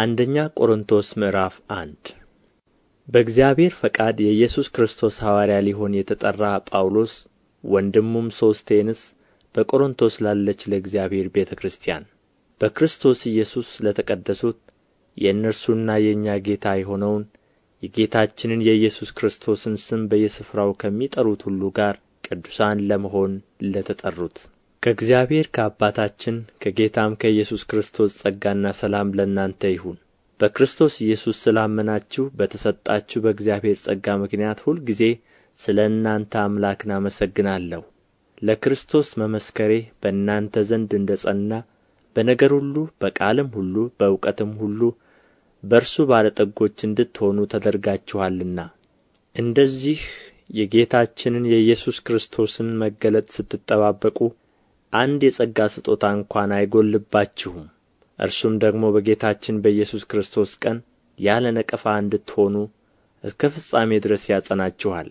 አንደኛ ቆሮንቶስ ምዕራፍ አንድ በእግዚአብሔር ፈቃድ የኢየሱስ ክርስቶስ ሐዋርያ ሊሆን የተጠራ ጳውሎስ ወንድሙም ሶስቴንስ በቆሮንቶስ ላለች ለእግዚአብሔር ቤተ ክርስቲያን በክርስቶስ ኢየሱስ ለተቀደሱት የእነርሱና የእኛ ጌታ የሆነውን የጌታችንን የኢየሱስ ክርስቶስን ስም በየስፍራው ከሚጠሩት ሁሉ ጋር ቅዱሳን ለመሆን ለተጠሩት ከእግዚአብሔር ከአባታችን ከጌታም ከኢየሱስ ክርስቶስ ጸጋና ሰላም ለእናንተ ይሁን በክርስቶስ ኢየሱስ ስላመናችሁ በተሰጣችሁ በእግዚአብሔር ጸጋ ምክንያት ሁልጊዜ ስለ እናንተ አምላክን አመሰግናለሁ ለክርስቶስ መመስከሬ በእናንተ ዘንድ እንደ ጸና በነገር ሁሉ በቃልም ሁሉ በእውቀትም ሁሉ በእርሱ ባለጠጎች እንድትሆኑ ተደርጋችኋልና እንደዚህ የጌታችንን የኢየሱስ ክርስቶስን መገለጥ ስትጠባበቁ አንድ የጸጋ ስጦታ እንኳ አይጎልባችሁም እርሱም ደግሞ በጌታችን በኢየሱስ ክርስቶስ ቀን ያለ ነቀፋ እንድትሆኑ እስከ ፍጻሜ ድረስ ያጸናችኋል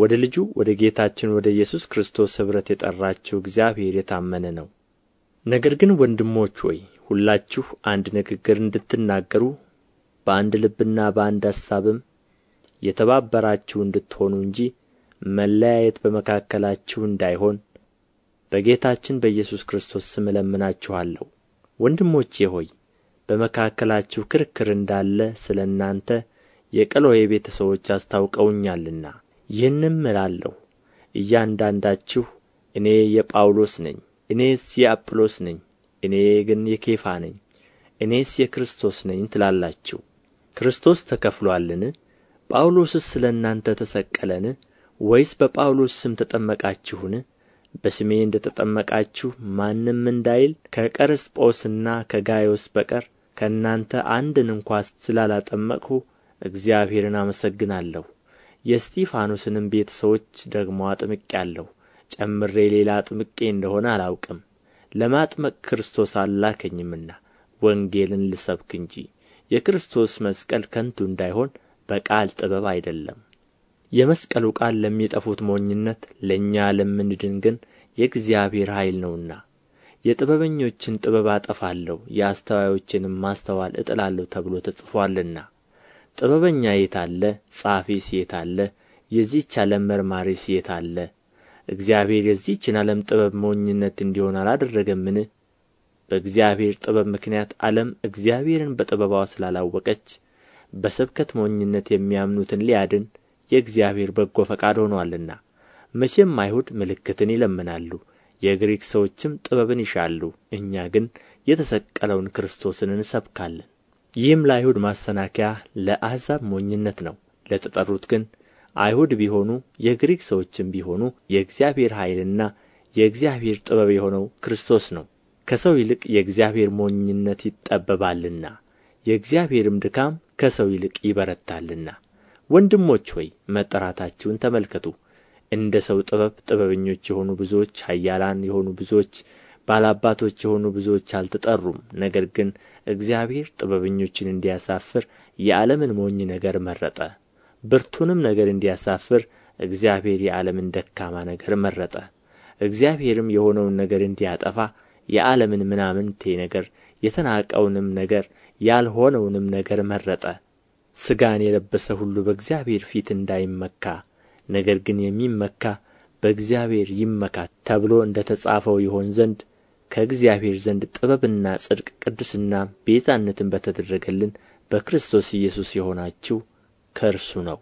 ወደ ልጁ ወደ ጌታችን ወደ ኢየሱስ ክርስቶስ ኅብረት የጠራችሁ እግዚአብሔር የታመነ ነው ነገር ግን ወንድሞች ሆይ ሁላችሁ አንድ ንግግር እንድትናገሩ በአንድ ልብና በአንድ ሐሳብም የተባበራችሁ እንድትሆኑ እንጂ መለያየት በመካከላችሁ እንዳይሆን በጌታችን በኢየሱስ ክርስቶስ ስም እለምናችኋለሁ ወንድሞቼ ሆይ በመካከላችሁ ክርክር እንዳለ ስለ እናንተ የቀሎዬ ቤተ ሰዎች አስታውቀውኛልና ይህንም እላለሁ እያንዳንዳችሁ እኔ የጳውሎስ ነኝ እኔስ የአጵሎስ ነኝ እኔ ግን የኬፋ ነኝ እኔስ የክርስቶስ ነኝ ትላላችሁ ክርስቶስ ተከፍሎአልን ጳውሎስስ ስለ እናንተ ተሰቀለን ወይስ በጳውሎስ ስም ተጠመቃችሁን በስሜ እንደ ተጠመቃችሁ ማንም እንዳይል ከቀርስጶስና ከጋዮስ በቀር ከእናንተ አንድን እንኳ ስላላጠመቅሁ እግዚአብሔርን አመሰግናለሁ የእስጢፋኖስንም ቤተ ሰዎች ደግሞ አጥምቄአለሁ ጨምሬ ሌላ አጥምቄ እንደሆነ አላውቅም ለማጥመቅ ክርስቶስ አላከኝምና ወንጌልን ልሰብክ እንጂ የክርስቶስ መስቀል ከንቱ እንዳይሆን በቃል ጥበብ አይደለም የመስቀሉ ቃል ለሚጠፉት ሞኝነት ለእኛ ለምንድን ግን የእግዚአብሔር ኃይል ነውና የጥበበኞችን ጥበብ አጠፋለሁ የአስተዋዮችንም ማስተዋል እጥላለሁ ተብሎ ተጽፏልና ጥበበኛ የት አለ ጻፊስ የት አለ የዚች ዓለም መርማሪስ የት አለ እግዚአብሔር የዚችን ዓለም ጥበብ ሞኝነት እንዲሆን አላደረገምን በእግዚአብሔር ጥበብ ምክንያት ዓለም እግዚአብሔርን በጥበባዋ ስላላወቀች በስብከት ሞኝነት የሚያምኑትን ሊያድን የእግዚአብሔር በጎ ፈቃድ ሆኖአልና መቼም አይሁድ ምልክትን ይለምናሉ የግሪክ ሰዎችም ጥበብን ይሻሉ እኛ ግን የተሰቀለውን ክርስቶስን እንሰብካለን ይህም ለአይሁድ ማሰናከያ ለአሕዛብ ሞኝነት ነው ለተጠሩት ግን አይሁድ ቢሆኑ የግሪክ ሰዎችም ቢሆኑ የእግዚአብሔር ኃይልና የእግዚአብሔር ጥበብ የሆነው ክርስቶስ ነው ከሰው ይልቅ የእግዚአብሔር ሞኝነት ይጠበባልና የእግዚአብሔርም ድካም ከሰው ይልቅ ይበረታልና ወንድሞች ሆይ መጠራታችሁን ተመልከቱ እንደ ሰው ጥበብ ጥበበኞች የሆኑ ብዙዎች ኃያላን የሆኑ ብዙዎች ባላባቶች የሆኑ ብዙዎች አልተጠሩም ነገር ግን እግዚአብሔር ጥበበኞችን እንዲያሳፍር የዓለምን ሞኝ ነገር መረጠ ብርቱንም ነገር እንዲያሳፍር እግዚአብሔር የዓለምን ደካማ ነገር መረጠ እግዚአብሔርም የሆነውን ነገር እንዲያጠፋ የዓለምን ምናምንቴ ነገር የተናቀውንም ነገር ያልሆነውንም ነገር መረጠ ሥጋን የለበሰ ሁሉ በእግዚአብሔር ፊት እንዳይመካ ነገር ግን የሚመካ በእግዚአብሔር ይመካ ተብሎ እንደ ተጻፈው ይሆን ዘንድ ከእግዚአብሔር ዘንድ ጥበብና ጽድቅ ቅድስና ቤዛነትን በተደረገልን በክርስቶስ ኢየሱስ የሆናችሁ ከእርሱ ነው